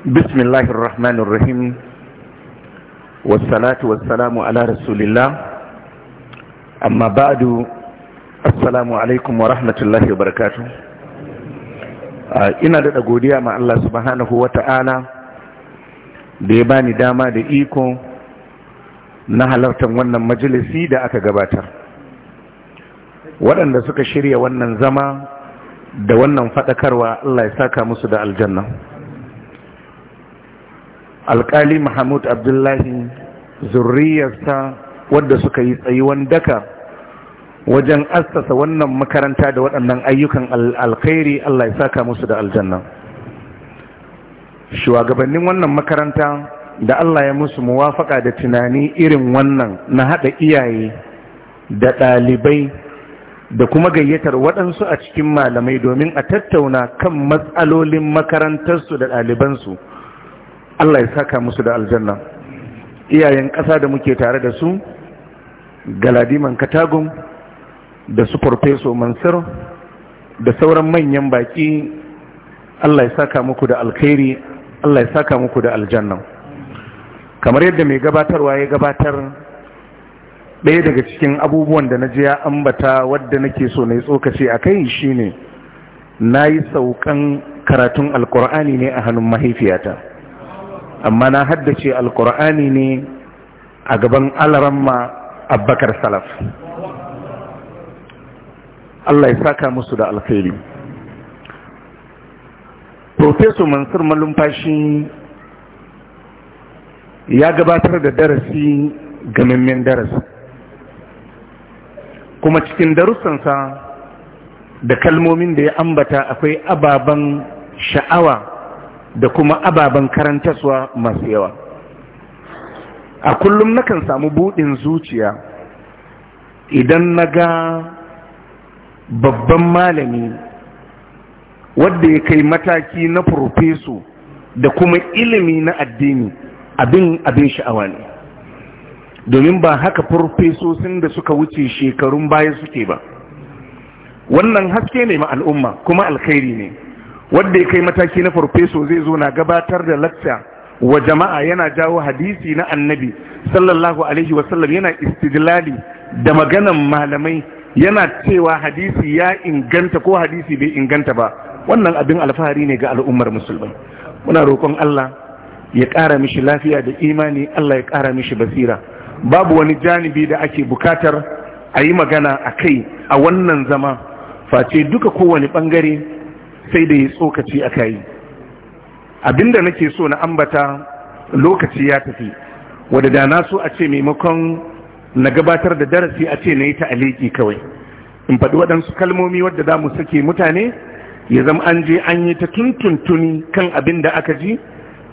بسم الله الرحمن الرحيم والصلاة والسلام على رسول الله أما بعد السلام عليكم ورحمة الله وبركاته ina da godiya ma Allah subhanahu wa ta'ala da ya bani dama da iko na halartar wannan majalisi da aka gabata. waɗanda suka shirya wannan zama da wannan faɗakarwa Allah ya saka musu da aljanna alkali mahmud abdullahi zurriyarsa wadda suka yi tsayuwan daka wajen assasa wannan makaranta da waɗannan ayyukan alkhairi Allah ya saka musu da aljanna shugabannin wannan makaranta da Allah ya musu muwafaka da tunani irin wannan na haɗa iyaye da ɗalibai da kuma gayyatar waɗansu a cikin malamai domin a tattauna kan matsalolin makarantarsu da ɗalibansu Allah ya saka musu da aljanna iyayen ƙasa da muke tare da su galadiman katagun da su farfeso mansur da sauran manyan baki Allah ya saka muku da alkhairi Allah ya saka muku da aljanna kamar yadda mai gabatarwa ya gabatar ɗaya daga cikin abubuwan da na ji ya ambata wadda nake so na yi tsokaci a kai shine na yi saukan karatun alkur'ani ne a hannun mahaifiyata amma na haddace alkur'ani ne a gaban alaramma abbakar salaf Allah ya saka musu da alkhairi Profesor Mansur Malumfashi ya gabatar da darasi gamemmen darasi kuma cikin darussansa da kalmomin da ya ambata akwai ababen sha'awa da kuma ababen karantaswa masu yawa a kullum na kan samu buɗin zuciya idan na ga babban malami wadda ya kai mataki na furfesu da kuma ilimi na addini abin abin sha'awa ne domin ba haka farfesosin da suka wuce shekarun baya suke ba wannan haske ne ma al'umma kuma alkhairi ne wanda ya kai mataki na farfeso zai zo na gabatar da lakta wa jama'a yana jawo hadisi na annabi sallallahu alaihi wasallam yana istidlali da maganan malamai yana cewa hadisi ya inganta ko hadisi bai inganta ba wannan abin alfahari ne ga al'ummar musulmai muna roƙon Allah ya ƙara mishi lafiya da imani Allah ya ƙara mishi basira babu wani janibi da ake bukatar a yi magana a kai a wannan zama face duka kowane ɓangare sai da ya tsokaci a kayi abinda nake so na ambata lokaci ya tafi wadda da so a ce maimakon na gabatar da darasi a ce na yi ta'aliki kawai in faɗi waɗansu kalmomi wadda za mu sake mutane ya zama an je an yi ta tuntuntuni kan abin da aka ji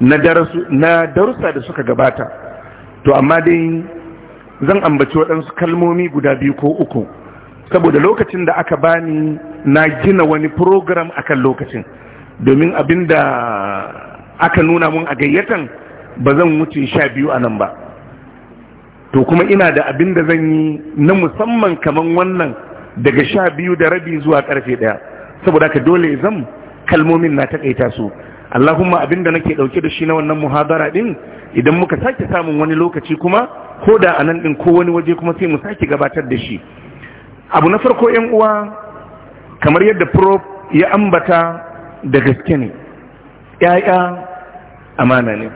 na darusa da suka gabata to amma dai zan ambaci waɗansu kalmomi guda biyu ko uku saboda lokacin da aka bani na gina wani program akan lokacin domin abin da aka nuna mun a gayyatan ba zan wuce sha biyu a nan ba to kuma ina da abin da zan yi na musamman kaman wannan daga sha biyu da rabi zuwa karfe daya saboda ka dole zan kalmomin na takaita su Allahumma abin da nake dauke da shi na wannan muhabara din idan muka sake samun wani lokaci kuma ko da nan din ko wani waje kuma sai mu sake gabatar da shi abu na farko yan uwa kamar yadda prof ya ambata da gaske ne ‘ya'ya amana ne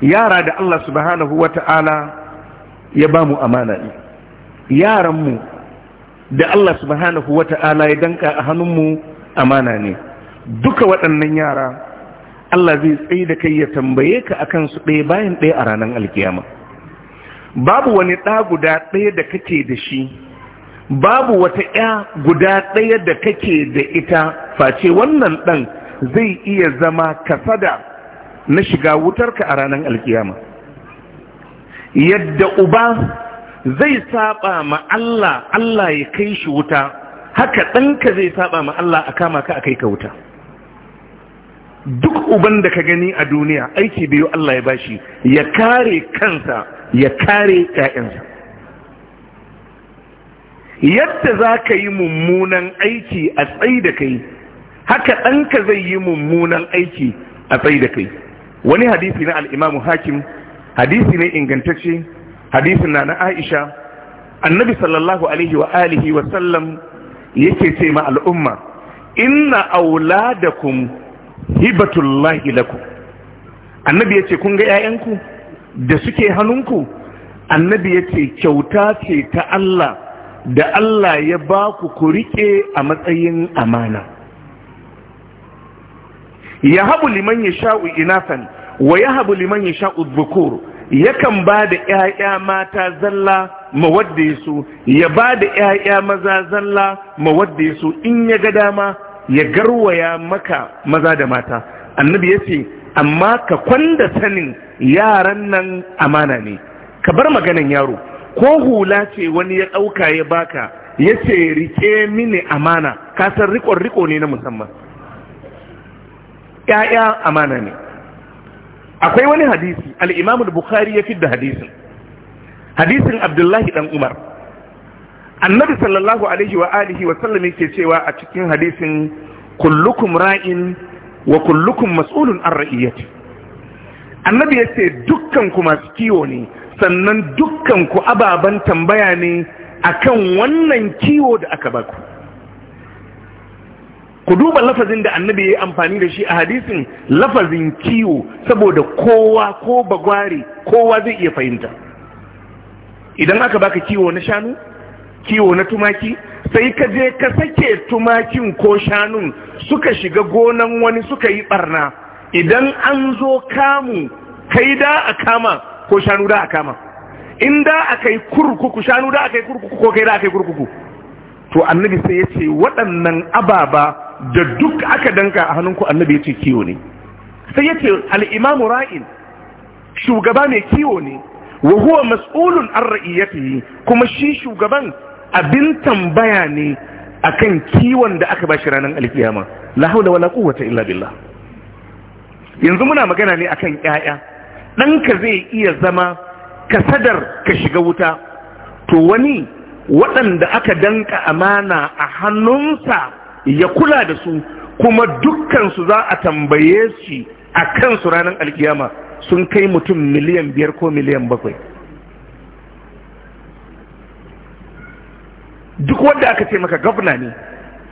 yara da Allah subhanahu wa ta'ala ya ba mu amana ne yaranmu da Allah subhanahu wa ta'ala ya danka a hannunmu amana ne duka waɗannan yara Allah zai tsaye da kai ya tambaye ka akan su ɗaya bayan ɗaya a ranar alkiyama. babu wani ɗa guda ɗaya da kake da shi babu wata ya guda ɗaya da kake da ita face wannan ɗan zai iya zama kasada na shiga wutarka a ranar alkiyama yadda uba zai saba ma Allah Allah ya kai shi wuta haka ɗanka zai saba ma Allah a kama ka a kai ka wuta duk uban da ka gani a duniya aiki biyu Allah ya bashi ya kare kansa ya kare ‘ya'yansa yadda za ka yi mummunan aiki a tsayi da kai haka ɗanka zai yi mummunan aiki a tsayi da kai wani hadisi na al'imamu hakim hadisi ne ingantacce hadisi na na aisha annabi sallallahu alaihi wa alihi wa sallam yake ce ma al'umma inna auladakum hibatullahi lakum annabi ce kun ga 'ya'yanku da suke hannunku annabi ya ce kyauta ce ta Allah da Allah ya ba ku ku riƙe a matsayin amana ya habu liman ya sha'u inafan wa ya habu liman ya sha'u zukur yakan ba da ‘ya'ya mata zalla wadda ya so ya ba da ‘ya'ya maza zalla wadda ya so in ya ga dama ya garwaya maka maza da mata annabi ya ce amma ka kwanda sanin yaran nan amana ne ka bar maganan yaro ko hula ce wani ya ɗauka ya baka ya ce rike mini amana Ka san riƙon-riƙo ne na musamman ‘ya'ya amana ne akwai wani hadisi al'imamu bukari ya fidda hadisin hadisin abdullahi ɗan umar annabi sallallahu alaihi wa alihi wa sallam yake cewa a cikin hadisin kullukum ra'in wa kullukum mas'ulun an ra'iyati annabi yace dukkan ku masu kiwo ne sannan dukkan ku ababan tambaya ne akan wannan kiwo da aka baku ku duba lafazin da annabi ya yi amfani da shi a hadisin lafazin kiwo saboda kowa ko bagware kowa zai iya fahimta idan aka baka kiwo na shanu kiwo na tumaki sai ka je ka sake tumakin ko shanun suka shiga gonan wani suka yi barna idan an zo kamu kai da a kama ko shanu da a kama in da a kai kurkuku shanu da a kai kurkuku ko kai da a kai kurkuku to annabi sai ya ce waɗannan ababa da duk aka danka a hannunku annabi ya ce kiwo ne sai ya ce al'imamu ra'in shugaba mai kiwo ne wa huwa mas'ulun an ra'iyatihi kuma shi shugaban abin tambaya ne akan kiwon da aka bashi ranar alkiyama la haula wala quwwata illa billah yanzu muna magana ne akan yaya ɗanka zai iya zama kasadar ka shiga wuta to wani waɗanda aka danka amana a hannunsa ya kula da su kuma dukkansu za a tambaye shi a kansu ranar alkiyama sun kai mutum miliyan biyar ko miliyan bakwai duk wanda aka ce maka gwamna ne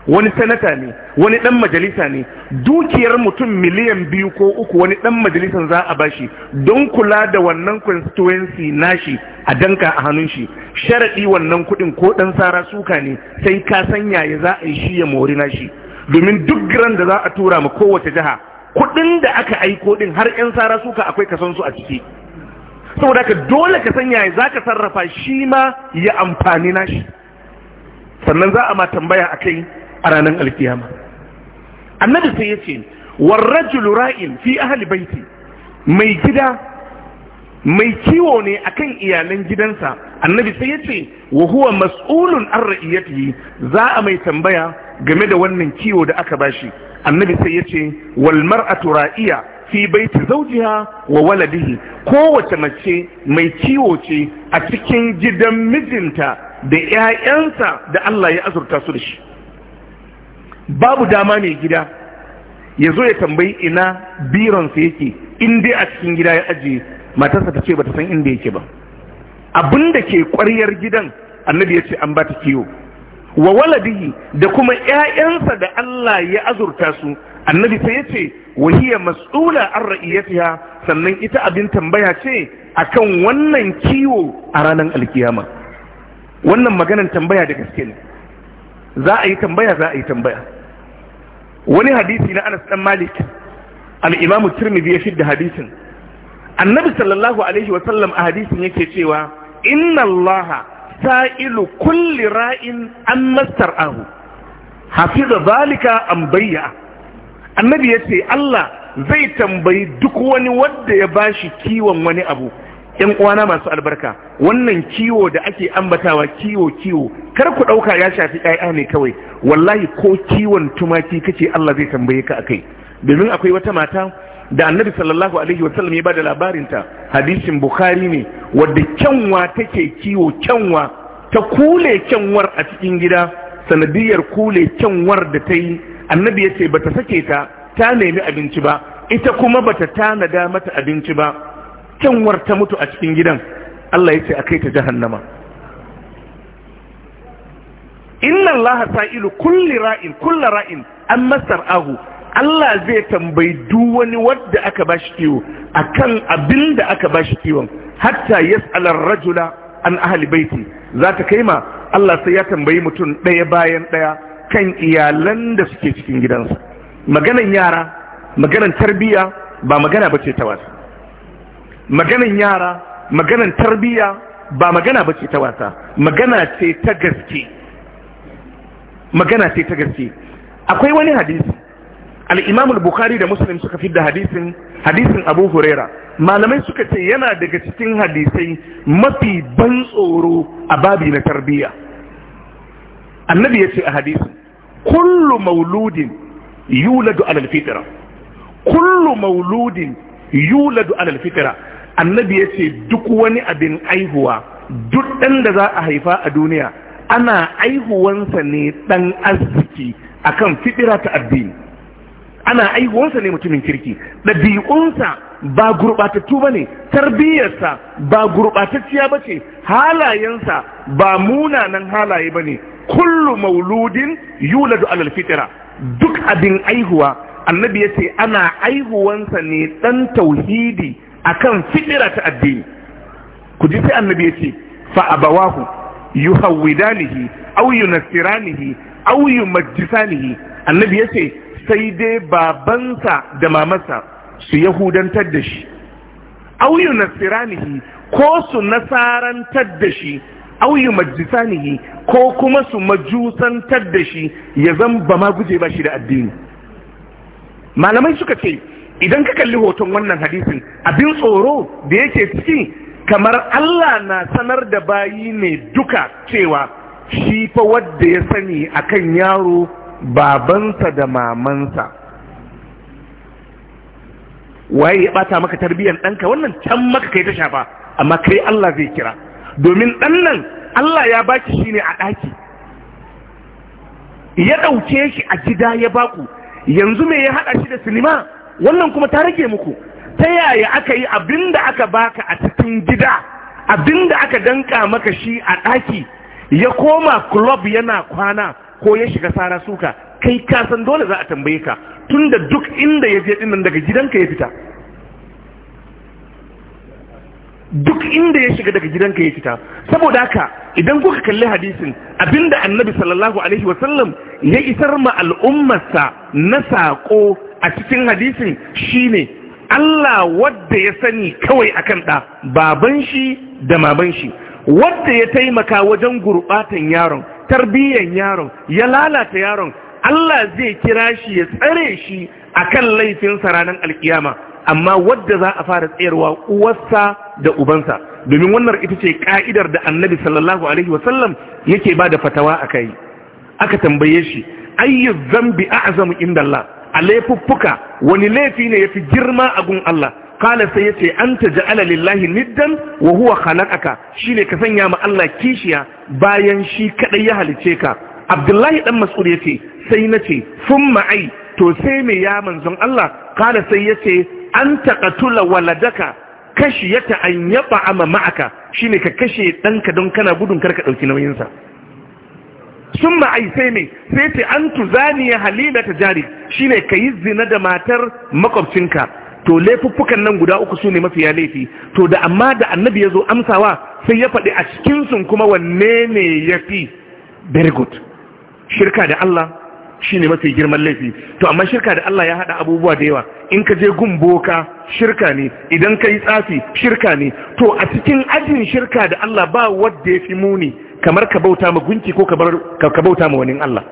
wani sanata ne wani dan majalisa ne dukiyar mutum miliyan biyu ko uku wani dan majalisan za a bashi don kula da wannan constituency nashi a danka a hannun shi sharaɗi wannan kuɗin ko ɗan sara suka ne sai ka sanya ya za a shi ya mori nashi domin duk giran da za a tura ma kowace jiha kuɗin da aka aiko din har 'yan sara suka akwai san su a ciki saboda ka dole ka sanya ya za ka sarrafa shi ma ya amfani nashi sannan za a ma tambaya a kai a ranar alkiyama annabi sai yace warrajul ra'in fi ahli baiti mai gida mai kiwo ne akan iyalan gidansa annabi sai yace wa huwa mas'ulun an ra'iyatihi za a mai tambaya game da wannan kiwo da aka bashi annabi sai yace wal mar'atu ra'iya fi baiti zawjiha wa waladihi kowace mace mai kiwo ce a cikin gidan mijinta da ‘ya'yansa da Allah ya azurta su da shi babu dama mai gida ya zo ya tambayi ina bironsa yake in dai a cikin gida ya ajiye matarsa ta ce ba ta san inda yake ba abin da ke kwaryar gidan annabi ya ce an ba ta kiwo wa waladihi da kuma ‘ya'yansa da Allah ya azurta su annabi sai ya ce wahiya mas'ula an ra'iyatiha sannan ita abin tambaya ce akan wannan kiwo a ranar alkiyama wannan maganan tambaya da gaske ne za a yi tambaya za a yi tambaya wani hadisi na anas dan malik al-imam tirmidhi ya shidda hadisin annabi sallallahu alaihi wa sallam a hadisin yake cewa inna allaha sa'ilu kulli ra'in an mastar'ahu hafiza zalika an bayya annabi yace Allah zai tambayi duk wani wanda ya bashi kiwon wani abu ‘yan uwana masu albarka wannan kiwo da ake ambatawa kiwo kiwo kar ku ɗauka ya shafi ‘ya'ya ne kawai wallahi ko kiwon tumaki kace Allah zai tambaye ka akai domin akwai wata mata da annabi sallallahu alaihi wasallam ya bada labarinta hadisin bukhari ne wadda kyanwa take kiwo kyanwa ta kule kyanwar a cikin gida sanadiyar kule kyanwar da ta yi annabi ya ce bata sake ta ta nemi abinci ba ita kuma bata tanada mata abinci ba kyanwar ta mutu a cikin gidan Allah ya ce a kai ta jahannama inna Allah sa'ilu kulli ra'in kulli ra'in an masar ahu Allah zai tambayi duk wani wanda aka bashi kiwo akan abin da aka bashi kiwon hatta ar rajula an ahli baiti za ta kai ma Allah sai ya tambayi mutum ɗaya bayan ɗaya kan iyalan da suke cikin gidansa maganan yara maganan tarbiyya ba magana bace ta wasu maganan yara maganan tarbiyya. ba magana ba ce ta wasa magana ce ta gaske magana ce ta gaske akwai wani hadisi al'imam al-bukhari da muslim suka fi da hadisin hadisin abu huraira malamai suka ce yana daga cikin hadisai mafi ban tsoro a babi na tarbiya annabi ya ce a hadisin kullu mauludin yuladu alal fitra kullu mauludin yuladu alal fitra annabi ya ce duk wani abin aihuwa duk ɗan da za a haifa a duniya ana aihuwansa ne ɗan arziki akan fiɗira ta addini ana aihuwansa ne mutumin kirki ɗabi'unsa ba gurɓatattu ba ne tarbiyyarsa ba gurɓatacciya ba ce halayensa ba munanan halaye ba ne kullu mauludin da alal fitira duk abin aihuwa annabi ya ce ana aihuwansa ne ɗan tauhidi akan fitira ta addini ku ji sai annabi ya ce fa abawahu yuhawwidanihi aw yunassiranihi aw yumajjisanihi annabi ya ce sai dai babansa da mamansa su yahudantar da shi aw yunassiranihi ko su nasarantar da shi aw yumajjisanihi ko kuma su majusantar da shi ya zan ba ma guje ba shi da addini malamai suka ce idan ka kalli hoton wannan hadisin abin tsoro da yake ciki kamar Allah na sanar da bayi ne duka cewa shi fa wadda ya sani akan yaro babansa da mamansa waye ya bata maka tarbiyyar ɗanka wannan can maka kai ta shafa amma kai Allah zai kira domin ɗan nan Allah ya baki shi ne a ɗaki ya ɗauke shi a gida ya baku yanzu me ya haɗa shi da sinima wannan kuma ta rage muku ta yaya aka yi abinda aka baka a cikin gida abinda aka danka maka shi a ɗaki ya koma club yana kwana ko ya shiga sara suka kai ka san dole za a tambaye ka tunda duk inda ya je dinnan daga gidanka ya fita duk inda ya shiga daga gidanka ya fita saboda haka idan kuka kalli hadisin abinda annabi sallallahu alaihi wasallam ya isar ma al'ummarsa na saƙo a cikin hadisin shine Allah wadda ya sani kawai akan ɗa baban shi da maman shi wadda ya taimaka wajen gurɓatan yaron tarbiyyan yaron ya lalata yaron Allah zai kira shi ya tsare shi akan laifinsa ranar alkiyama amma wadda za a fara tsayarwa uwarsa da ubansa domin wannan ita ce ka'idar da annabi sallallahu alaihi wasallam yake ba da fatawa a kai aka tambaye shi ayyu zambi a'zamu inda Allah a laifuffuka wani laifi ne yafi girma a gun Allah kala sai yace ta ja'ala lillahi niddan wa huwa Shi shine ka sanya ma Allah kishiya bayan shi kaɗai ya halice ka Abdullahi dan Mas'ud yace sai nace summa ai to sai me ya manzon Allah kala sai yace anta tula waladaka Kashi khashiyata an yata'ama ma'aka shine ka kashe ɗanka don kana gudun karka ɗauki nauyin Sun summa sai ne sai ce an tuzaniya ta jari shine yi zina da matar makwabcinka to laifuffukan nan guda uku su sune mafiya laifi to da amma da annabi ya zo amsawa sai ya faɗi a cikinsu kuma wanne ne ya very shirka da Allah shine mafi girman laifi to amma shirka da Allah ya haɗa abubuwa da yawa in ka je gun boka shirka ne idan ka yi tsafi shirka ne to a cikin ajin shirka da Allah ba wadda ya fi muni kamar ka bauta ma gunki ko ka bauta ma wani Allah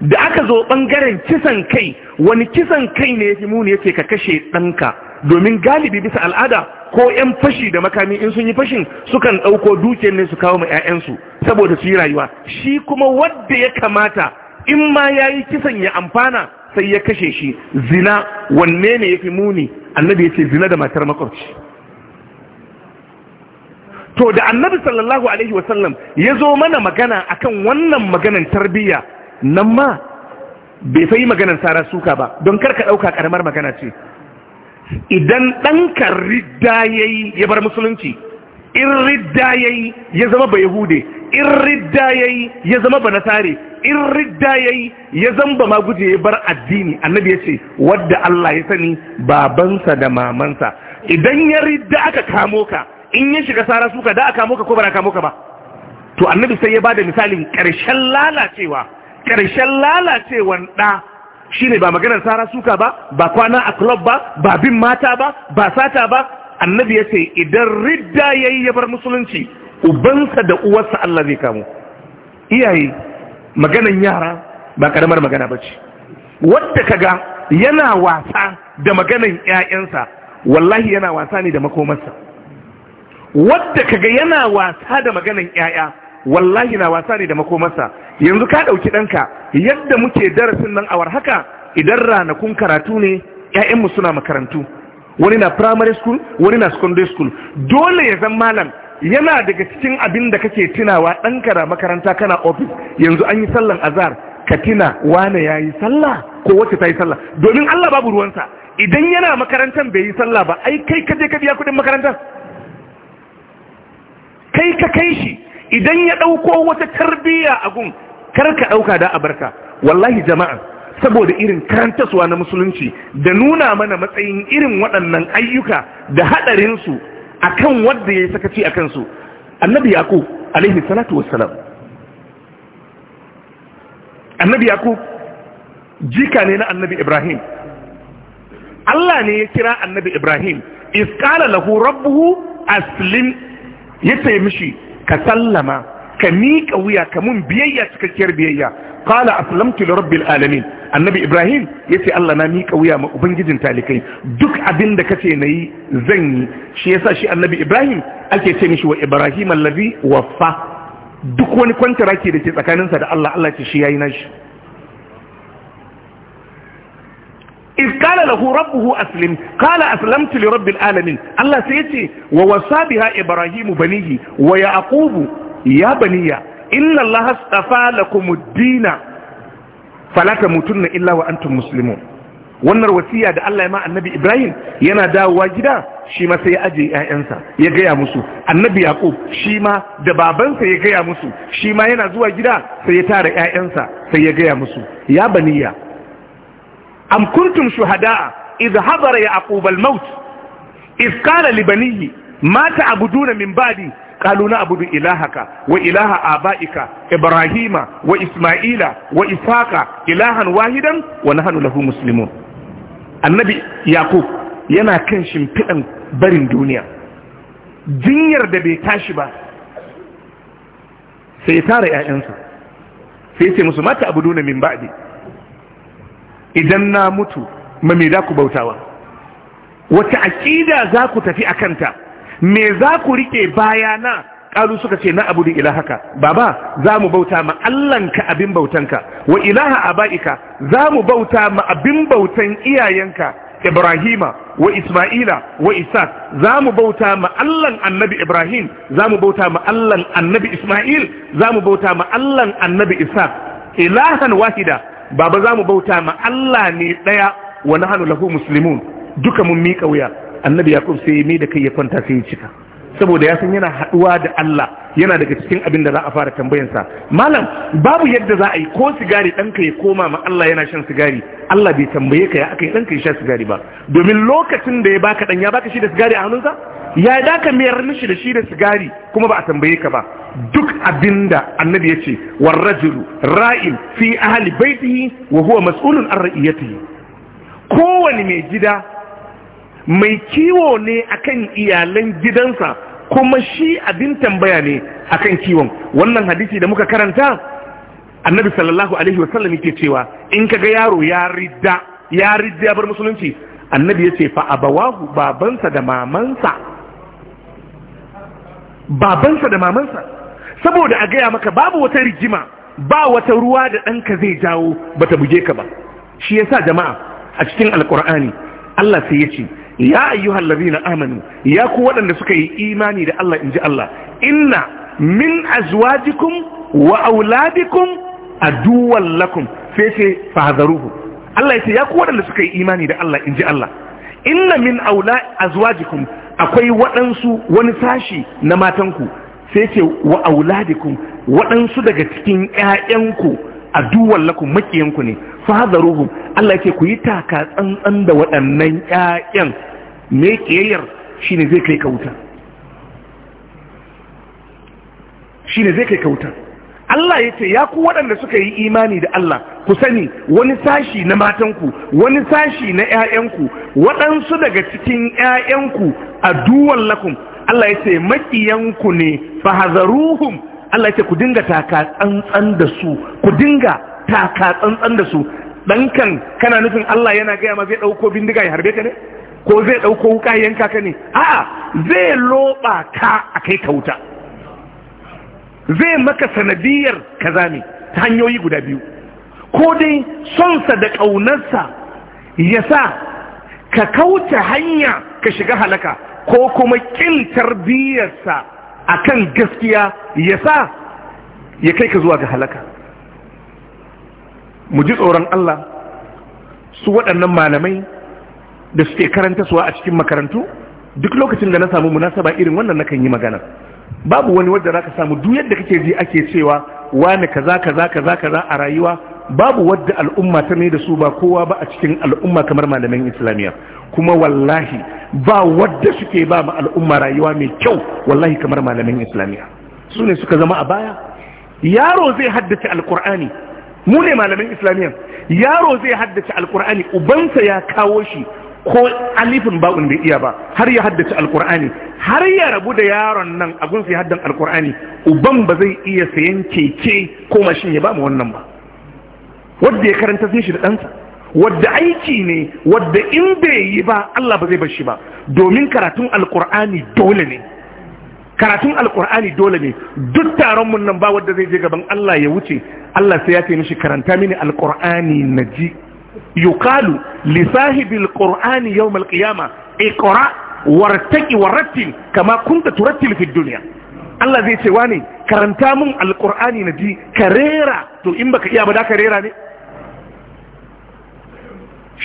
da aka zo ɓangaren kisan kai wani kisan kai ne ya fi muni ya ka kashe ɗanka domin galibi bisa al'ada ko 'yan fashi da makami in sun yi fashin sukan ɗauko dukiyar ne su kawo ma 'ya'yansu saboda su yi rayuwa shi kuma wadda ya kamata in ma ya yi kisan ya amfana sai ya kashe shi zina wanne ne ya fi muni annabi ya ce zina da matar makwabci to da annabi sallallahu alaihi wasallam ya zo mana magana akan wannan maganan tarbiyya nan ma bai sai yi maganan sara suka ba don karka ɗauka karamar magana ce idan ɗanka ridda ya ya bar musulunci in ridda yi ya zama ba yahude in ridda yi ya zama ba nasare in ridda yi ya zamba ma guje ya bar addini annabi ya ce wadda Allah ya sani babansa da mamansa idan ya ridda aka kamo ka in ya shiga sara suka da aka kamo ka ko ba kamo ka ba to annabi sai ya bada misalin karshen lalacewa karshen lalacewan da shine ba maganar sara suka ba ba kwana a club ba ba bin mata ba ba sata ba annabi ya ce idan ridda ya yi bar musulunci ubansa da uwarsa Allah zai kamo iyaye maganan yara ba karamar magana ba ce wadda ga yana wasa da maganan 'ya'yansa wallahi yana wasa ne da makomarsa wadda ka ga yana wasa da maganan 'ya'ya wallahi na wasa ne da makomarsa yanzu ka ɗauki ɗanka yadda muke darasin nan awar haka idan ranakun karatu ne 'ya'yanmu suna makarantu wani na primary school wani na secondary school dole ya zan malam yana daga cikin abin da kake tunawa ɗanka kara makaranta kana ofis yanzu an yi sallan azar ka tina wane ya yi sallah ko wacce ta yi sallah domin Allah babu ruwansa idan yana makarantar bai yi sallah ba ai kai ka je ka biya kuɗin makarantar kai ka kai shi idan ya ɗauko wata tarbiyya a gun kar ka ɗauka da abarka wallahi jama'a saboda irin karantaswa na musulunci da nuna mana matsayin irin waɗannan ayyuka da haɗarinsu a kan wadda ya yi sakaci a kansu annabi yaƙub alaihi salatu wassalam annabi ku? jika ne na annabi ibrahim Allah ne ya kira annabi ibrahim iskala lahu rabbuhu aslim ya taimishi mishi ka sallama ka miƙa wuya ka mun biyayya cikakkiyar biyayya qala aslamtu rabbil alamin annabi ibrahim yace Allah na mika wuya ma ubangijin talikai duk abin da kace nayi zan yi shi yasa shi annabi ibrahim ake ce mishi wa ibrahim allazi waffa duk wani kwantaraki da ke tsakaninsa da Allah Allah ce shi yayi nashi إذ قال له ربه أسلم قال أسلمت لرب العالمين الله سيتي ووصى بها إبراهيم بنيه ويعقوب ya baniya. inna allaha astafa lakum ad-dina fala tamutunna illa wa antum muslimun wannan wasiya da Allah ya ma annabi Ibrahim yana dawowa gida shi ma sai ya aje ƴaƴansa ya gaya musu annabi Yaqub shi ma da babansa ya gaya musu shi ma yana zuwa gida sai ya tara ƴaƴansa sai ya gaya musu ya baniya am kuntum shuhada'a idh hadara yaqub al-maut idh qala li banihi ma ba'di قالوا نعبد إلهك وإله آبائك إبراهيم وإسماعيل وإسحاق إلها واحدا ونحن له مسلمون النبي يعقوب yana kan shimfiɗan barin duniya jinyar da bai tashi ba sai tara ‘ya'yansa sai ce musu min idan na mutu mame da ku bautawa wata aƙida za ku tafi a kanta me za ku rike bayana ƙaru suka ce na abu da ilahaka baba za mu bauta ma allanka abin bautanka wa ilaha aba'ika za mu bauta ma abin bautan iyayenka ibrahima wa isma'ila wa isaac za mu bauta ma allan annabi ibrahim za mu bauta ma allan annabi isma'il za mu bauta ma allan annabi isaac ilahan wahida baba za mu bauta ma allah ne ɗaya wa nahanu lahu muslimun duka mun miƙa wuya annabi yakub sai mai da kai ya kwanta sai ya cika saboda ya san yana haduwa da Allah yana daga cikin abin da za a fara tambayansa malam babu yadda za a yi ko sigari ɗanka ya koma ma Allah yana shan sigari Allah bai tambaye ka ya aka yi ɗanka ya sha sigari ba domin lokacin da ya baka ɗan ya baka shi da sigari a hannunsa ya daka mayar mishi da shi da sigari kuma ba a tambaye ka ba duk abinda annabi ya ce war rajulu ra'in fi ahli baitihi wa huwa mas'ulun an ra'iyatihi Kowani mai gida mai kiwo ne akan iyalan gidansa kuma shi abin tambaya ne akan kiwon wannan hadisi da muka karanta annabi sallallahu alaihi wasallam yake cewa in kaga yaro ya ridda ya ridda bar musulunci annabi yace fa abawahu babansa da mamansa babansa da mamansa saboda a gaya maka babu wata rigima ba wata ruwa da ɗanka zai jawo bata buge ka ba shi yasa jama'a a cikin alkur'ani Allah sai ya ce ya ayyuhal ladina amanu ya ku waɗanda suka yi imani da Allah inji Allah inna min azwajikum wa auladikum aduwwan lakum sai ce fahzaruhu Allah yace ya ku waɗanda suka yi imani da Allah inji Allah inna min aula azwajikum akwai waɗansu wani sashi na matanku sai ce wa auladikum waɗansu daga cikin ƴaƴanku aduwwan lakum makiyanku ne fahzaruhu Allah yace ku yi taka tsantsan da waɗannan ƴaƴan me kiyayyar shi ne zai kai kauta shi ne zai kai kauta Allah ya ce ya ku waɗanda suka yi imani da Allah ku sani wani sashi na matanku wani sashi na 'ya'yanku waɗansu daga cikin 'ya'yanku a duwan lakum Allah ya ce maƙiyanku ne fahazaruhum Allah ya ce ku dinga taka tsantsan da su ku dinga taka tsantsan da su ɗankan kana nufin Allah yana gaya ma zai ɗauko bindiga ya harbe ka ne? ko zai ɗauko wuka yanka ka ne a'a zai loɓa ka a kai ka wuta zai maka sanadiyar kaza ne ta hanyoyi guda biyu ko dai sonsa da ƙaunarsa ya sa ka kauce hanya ka shiga halaka ko kuma ƙin tarbiyyarsa a kan gaskiya ya sa ya kai ka zuwa ga halaka mu ji tsoron Allah su waɗannan malamai da suke karantaswa a cikin makarantu duk lokacin da na samu munasaba irin wannan nakan yi magana babu wani wanda zaka samu duk yadda kake ji ake cewa wani kaza kaza kaza kaza a rayuwa babu wadda al'umma ta mai da su ba kowa ba a cikin al'umma kamar malaman islamiyya kuma wallahi ba wadda suke ba ma al'umma rayuwa mai kyau wallahi kamar malaman islamiyya su ne suka zama a baya yaro zai haddace alkur'ani mu ne malamin islamiyya yaro zai haddace alkur'ani ubansa ya kawo shi ko alifin ba'un bai iya ba har ya haddace alkur'ani har ya rabu da yaron nan a gunsa ya haddan alkur'ani uban ba zai iya sayan keke ko mashin ya ba mu wannan ba wadda ya karanta sai shi da ɗansa wadda aiki ne wadda in bai yi ba Allah ba zai bar shi ba domin karatun alkur'ani dole ne karatun alkur'ani dole ne duk taron mun nan ba wadda zai je gaban Allah ya wuce Allah sai ya ce mishi karanta mini alkur'ani naji Yukalu li sahibil qur'ani yawm al-qiyama iqra wartaqi warattil kama kunta turattil fi dunya Allah zai ce wani karanta mun alkur'ani na ji karera to in baka iya ba da karera ne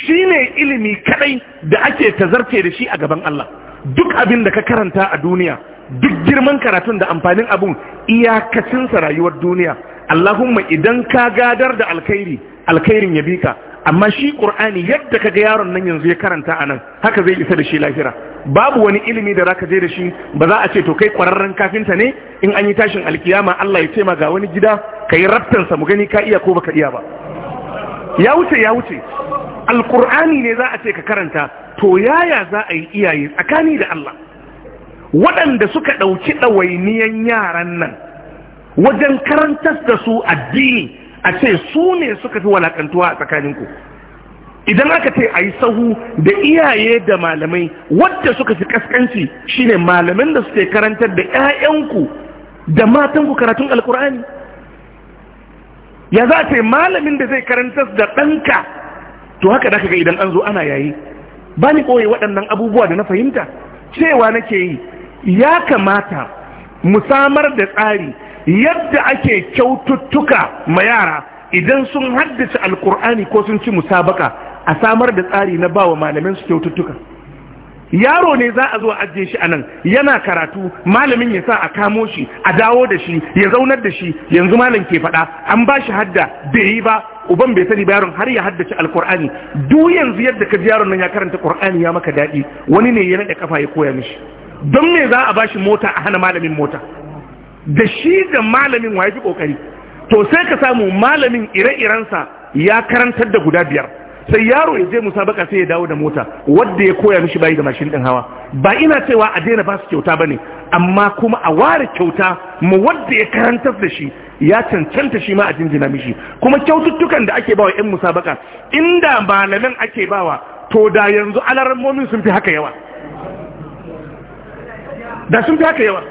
shine ilimi kadai da ake tazarce da shi a gaban Allah duk abin da ka karanta a duniya duk girman karatun da amfanin abun iyakacinsa rayuwar duniya Allahumma idan ka gadar da alkhairi alkhairin ya bika amma shi qur'ani yadda kaga yaron nan yanzu ya karanta anan haka zai isa da shi lafira babu wani ilimi da zaka je da shi ba za a ce to kai kwararren kafinta ne in an yi tashin alkiyama Allah ya ce ma ga wani gida kai raftan sa mu gani ka iya ko baka iya ba ya wuce ya wuce alqur'ani ne za a ce ka karanta to yaya za a yi iyaye tsakani da Allah waɗanda suka ɗauki ɗawainiyan yaran nan wajen karantar da su addini a ce su ne suka fi walakantuwa a tsakaninku idan aka ce a yi sahu da iyaye da malamai wadda suka fi kaskanci shine malamin da suke karantar da 'ya'yanku da matanku karatun alkur'ani ya za ce malamin da zai karantar da ɗanka to haka da ga idan an zo ana yayi ba ni koyi waɗannan abubuwa da na fahimta cewa nake yi ya kamata mu samar da tsari yadda ake kyaututtuka ma yara idan sun haddace alkur'ani ko sun ci musabaka a samar da tsari na bawa malamin su kyaututtuka yaro ne za a zo ajiye shi anan yana karatu malamin ya sa a kamo shi a dawo da shi ya zaunar da shi yanzu malam ke faɗa an ba shi hadda bai yi ba uban bai sani ba yaron har ya haddace alkur'ani duk yanzu yadda ka ji yaron nan ya karanta qur'ani ya maka daɗi wani ne ya naɗe kafa ya koya mishi don me za a ba shi mota a hana malamin mota da shi da malamin wa ya fi kokari to sai ka samu malamin ire-irensa ya karantar da guda biyar sai yaro ya je musabaka sai ya dawo da mota wadda ya koya mishi bayi da mashin din hawa ba ina cewa a daina ba su kyauta bane amma kuma a ware kyauta mu wadda ya karantar da shi ya cancanta shi ma a jinjina mishi kuma kyaututtukan da ake bawa yan musabaka inda malamin ake bawa to da yanzu alarmomin sun fi haka yawa da sun fi haka yawa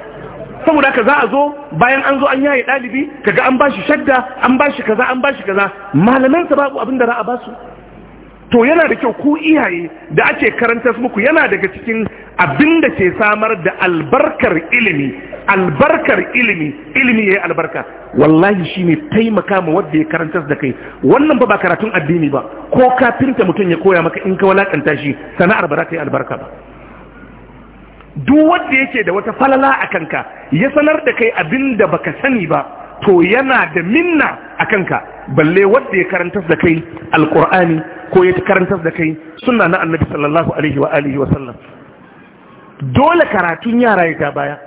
saboda haka za a zo bayan an zo an yaye ɗalibi kaga an bashi shadda an bashi kaza an bashi kaza malaman sa babu abin da za a basu to yana da kyau ku iyaye da ake karantar muku yana daga cikin abin da ke samar da albarkar ilimi albarkar ilimi ilimi yayi albarka wallahi shine taimaka ma wanda ya karantar da kai wannan ba ba karatun addini ba ko kafinta mutum ya koya maka in ka walakanta shi sana'ar ba za ta yi albarka ba duk wanda yake da wata falala a kanka ya sanar da kai abin da baka sani ba to yana da minna a kanka balle wanda ya karanta da kai alkur'ani ko ya karanta da kai sunna na annabi sallallahu alaihi wa alihi wa sallam dole karatun yara ya baya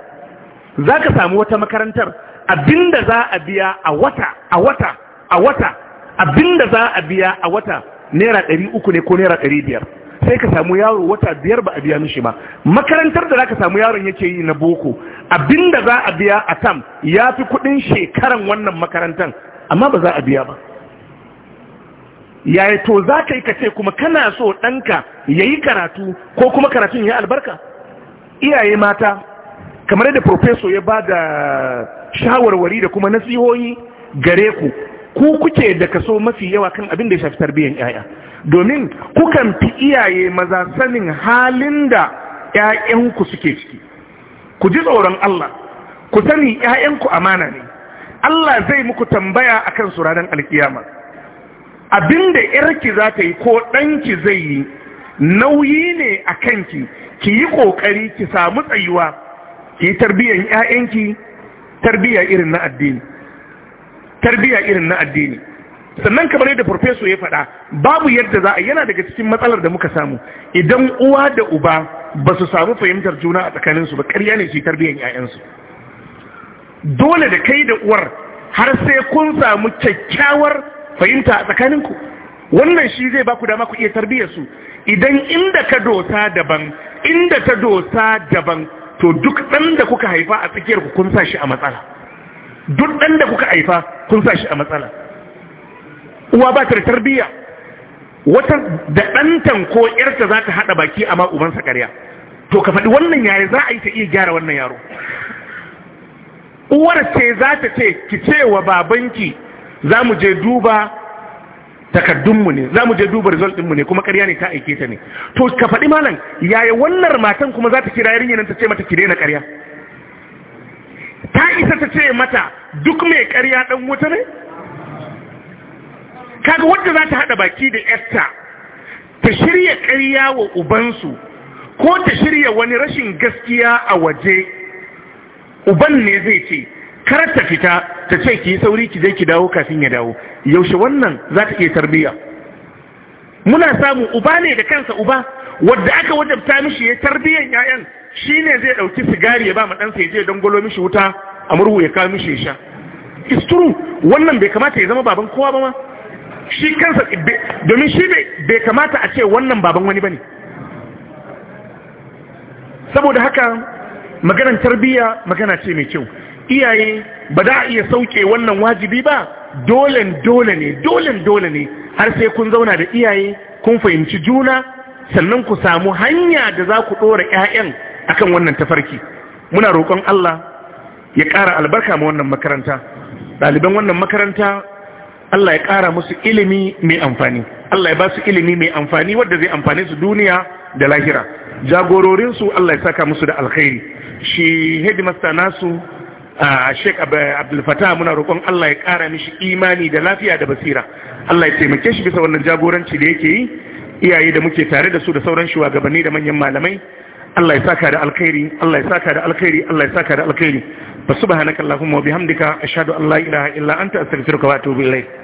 za ka samu wata makarantar abinda za a biya a wata a wata a wata abinda za a biya a wata naira ɗari uku ne ko naira ɗari biyar sai ka samu yaro wata biyar ba a biya mishi ba makarantar da za ka samu yaron yake yi na boko abinda za a biya a tam ya fi kudin shekaran wannan makarantar amma ba za a biya ba yaya to za ka yi ka ce kuma kana so ɗanka ya yi karatu ko kuma karatun ya albarka iyaye mata kamar yadda profeso ya ba da shawarwari da kuma nasihohi gare ku ku kuke da kaso mafi yawa kan abin da ya shafi tarbiyyar 'ya'ya domin kukan fi iyaye maza sanin halin da 'ya'yanku suke ciki ku ji tsoron Allah ku sani 'ya'yanku amana ne Allah zai muku tambaya a su ranar alkiyama abinda yarki za ta yi ko ɗanki zai yi nauyi ne a kanki ki yi ƙoƙari ki samu tsayuwa ki yi tarbiyyar 'ya'yanki tarbiyya irin na addini sannan kamar yadda farfeso ya faɗa babu yadda za a yana daga cikin matsalar da muka samu idan uwa da uba ba su samu fahimtar juna a tsakaninsu ba karya ne su tarbiyyar 'ya'yansu dole da kai da uwar har sai kun samu kyakkyawar fahimta a tsakaninku wannan shi zai baku dama ku iya tarbiyyar su idan inda ka dosa daban inda ta dosa daban to duk ɗan da kuka haifa a tsakiyarku ku kun sa shi a matsala duk ɗan da kuka haifa kun sa shi a matsala uwa ba ta da tarbiyya wata da ɗantan ko ƴarta za ta haɗa baki amma ubansa ƙarya to ka faɗi wannan yare za a yi ta iya gyara wannan yaro uwar ce za ta ce ki ce wa babanki za mu je duba takaddunmu ne za mu je duba result ne kuma ƙarya ne ta aike ta ne to ka faɗi malam yaya wannan matan kuma za ta kira yarinya nan ta ce mata ki daina ƙarya ta isa ta ce mata duk mai ƙarya ɗan wuta ne kaga wanda za ta haɗa baki da yarta ta shirya karya wa ubansu ko ta shirya wani rashin gaskiya a waje uban ne zai ce kar ta fita ta ce ki yi sauri ki je ki dawo kafin ya dawo yaushe wannan za ta iya tarbiyya muna samu uba ne da kansa uba wadda aka ta mishi ya tarbiyyan yayan shi ne zai ɗauki sigari ya ba ma ɗansa ya je gwalo mishi wuta a murhu ya kawo mishi ya sha is true wannan bai kamata ya zama baban kowa ba ma shi kansa domin shi bai kamata a ce wannan baban wani bane saboda haka maganar tarbiyya magana ce mai kyau iyaye ba za a iya sauke wannan wajibi ba dolen dole ne dolen dole ne har sai kun zauna da iyaye kun fahimci juna sannan ku samu hanya da za ku ɗora 'ya'yan akan wannan tafarki muna roƙon Allah ya ƙara albarka ma wannan makaranta ɗaliban wannan makaranta Allah ya ƙara musu ilimi mai amfani Allah ya ba su ilimi mai amfani wadda zai amfani su duniya da lahira jagororinsu Allah ya saka musu da alkhairi shi hedimasta nasu a sheik abdulfata muna roƙon Allah ya ƙara mishi imani da lafiya da basira Allah ya taimake shi bisa wannan jagoranci da yake yi iyaye da muke tare da su da sauran shugabanni da manyan malamai Allah ya saka da alkhairi Allah ya saka da alkhairi Allah ya saka da alkhairi fa subhanaka allahumma wa bihamdika ashhadu an la ilaha illa anta astaghfiruka wa